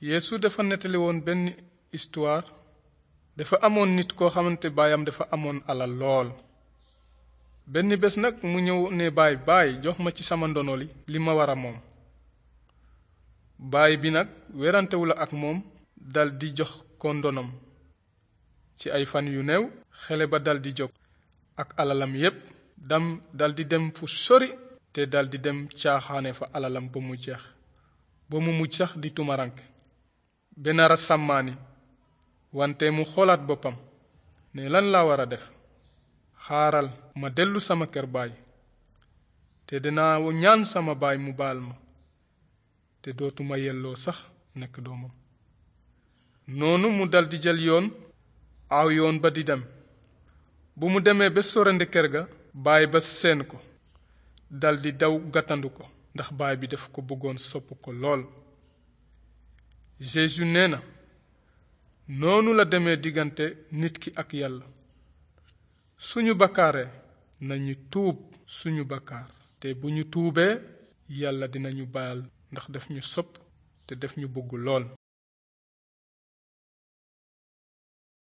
yéesu dafa nettali woon benn histoire dafa amoon nit koo xamante baayam dafa amoon alal lool benn bés nag mu ñëw ne baay baay jox ma ci sama ndono li li ma war a moom baay bi nag werantewula ak moom dal di jox ko ndonom ci ay fan yu néew xele ba daldi jóg ak alalam yépp dam daldi dem fu sori te daldi dem caaxaane fa alalam ba mu jeex ba mu mujj sax di tumurank ba nar sàmmaani wante mu xoolaat boppam ne lan laa war a def xaaral ma dellu sama kër baay te dinaa ñaan sama baay mu baal ma te dootuma yelloo sax nekk doomam noonu mu daldi jël yoon aw ba di dem bu mu demee ba sorandi kër ga baay ba séen ko daldi daw gàttandu ko ndax baay bi daf ko bëggoon sopp ko lool Jéesu nee na noonu la demee diggante nit ki ak yàlla suñu bakkaaree nañu tuub suñu bakkaar te bu ñu tuubee yàlla dinañu baal ndax daf ñu sopp te def ñu bëgg lool